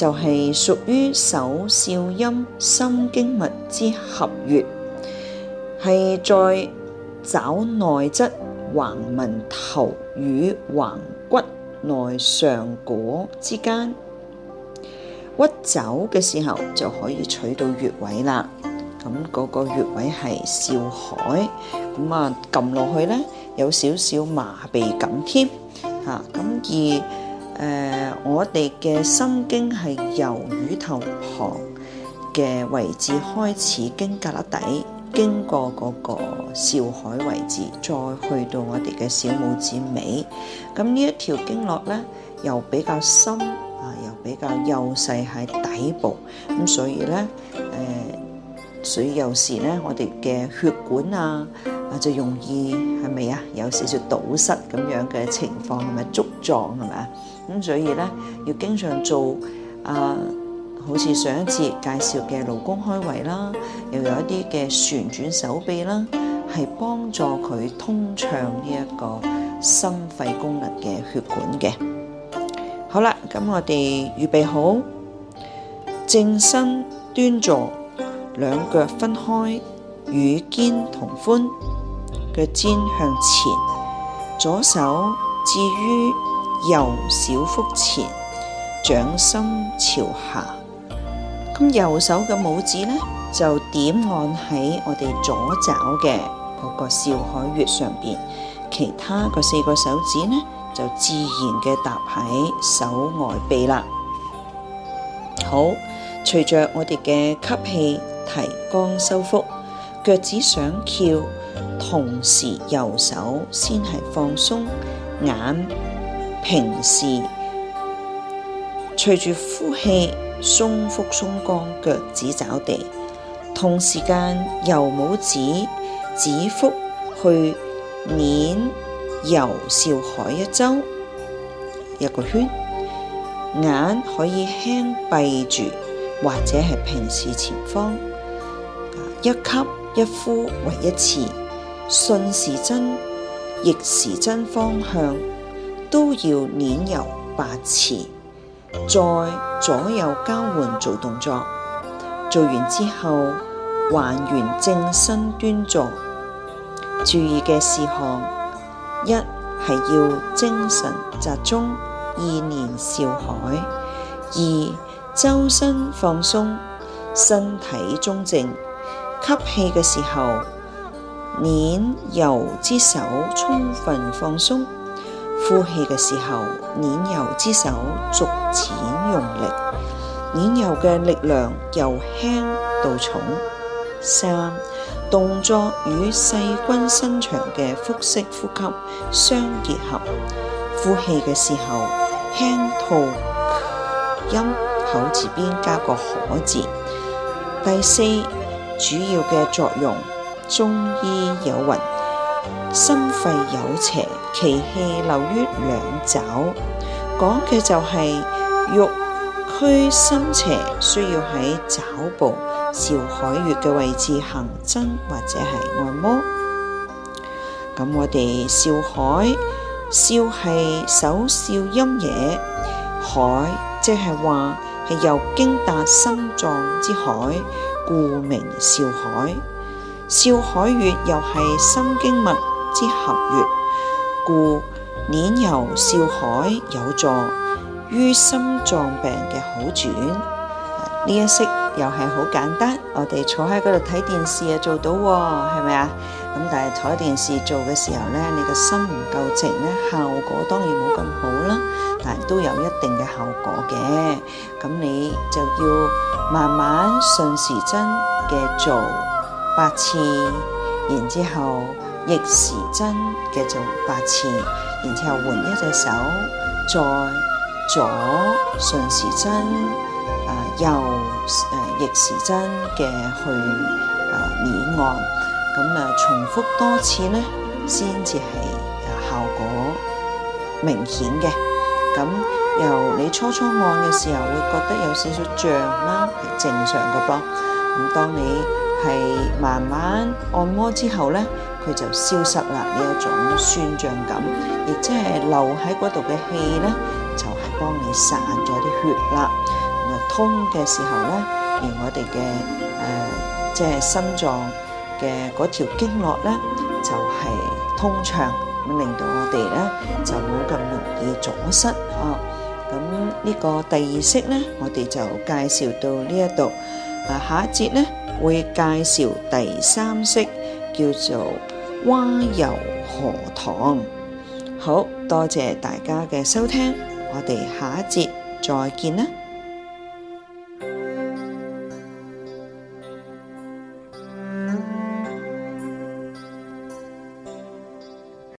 就係屬於手少陰心經脈之合穴，係在肘內側橫紋頭與橫骨內上髁之間，屈肘嘅時候就可以取到穴位啦。咁嗰個穴位係少海，咁啊撳落去咧有少少麻痹感添，吓咁而。誒、呃，我哋嘅心經係由乳頭旁嘅位置開始，經胳肋底，經過嗰個少海位置，再去到我哋嘅小拇指尾。咁、嗯、呢一條經絡咧，又比較深啊，又比較幼細喺底部。咁、嗯、所以咧，誒、呃，水有時咧，我哋嘅血管啊～就容易係咪啊？有少少堵塞咁樣嘅情況，係咪足狀係咪啊？咁所以咧，要經常做啊、呃，好似上一次介紹嘅勞工開胃啦，又有一啲嘅旋轉手臂啦，係幫助佢通暢呢一個心肺功能嘅血管嘅。好啦，咁我哋預備好，正身端坐，兩腳分開。與肩同寬，腳尖向前，左手置於右小腹前，掌心朝下。咁右手嘅拇指呢，就點按喺我哋左肘嘅嗰個少海穴上邊，其他個四個手指呢，就自然嘅搭喺手外臂啦。好，隨着我哋嘅吸氣提肛收腹。腳趾上翹，同時右手先係放鬆，眼平視，隨住呼氣鬆腹鬆肛，腳趾找地，同時間右拇指指腹去捻揉少海一周，一個圈，眼可以輕閉住或者係平視前方一吸。一呼為一次，順時針、逆時針方向都要捻揉八次，再左右交換做動作。做完之後，還原正身端坐。注意嘅事項：一係要精神集中，意念少海；二周身放鬆，身體中正。吸氣嘅時候，捻揉之手充分放鬆；呼氣嘅時候，捻揉之手逐漸用力。捻揉嘅力量由輕到重。三、動作與細勻深長嘅腹式呼吸相結合。呼氣嘅時候，輕吐音口字邊加個可字。第四。主要嘅作用，中醫有云：心肺有邪，其氣流於兩肘，講嘅就係欲虛心邪，需要喺肘部少海穴嘅位置行針或者係按摩。咁我哋少海，少係手少陰也，海即係話係由經達心臟之海。故名少海，少海穴又係心經脈之合穴，故捻揉少海有助於心臟病嘅好轉。呢一式又係好簡單，我哋坐喺嗰度睇電視又做到，係咪啊？咁但係坐喺電視做嘅時候咧，你嘅心唔夠靜咧，效果當然冇咁好啦。但都有一定嘅效果嘅，咁你就要慢慢順時針嘅做八次，然之後逆時針嘅做八次，然之後換一隻手再左順時針啊右誒逆時針嘅去啊捏按，咁啊重複多次咧，先至係效果明顯嘅。咁由你初初按嘅時候會覺得有少少脹啦，係正常嘅噃。咁當你係慢慢按摩之後咧，佢就消失啦，呢一種酸脹感，亦即係留喺嗰度嘅氣咧，就係幫你散咗啲血啦。通嘅時候咧，而我哋嘅誒，即係心臟嘅嗰條經絡咧，就係通暢。令到我哋咧就冇咁容易阻塞哦。咁呢個第二式咧，我哋就介紹到呢一度。啊，下一節咧會介紹第三式，叫做蛙游荷塘。好多謝大家嘅收聽，我哋下一節再見啦。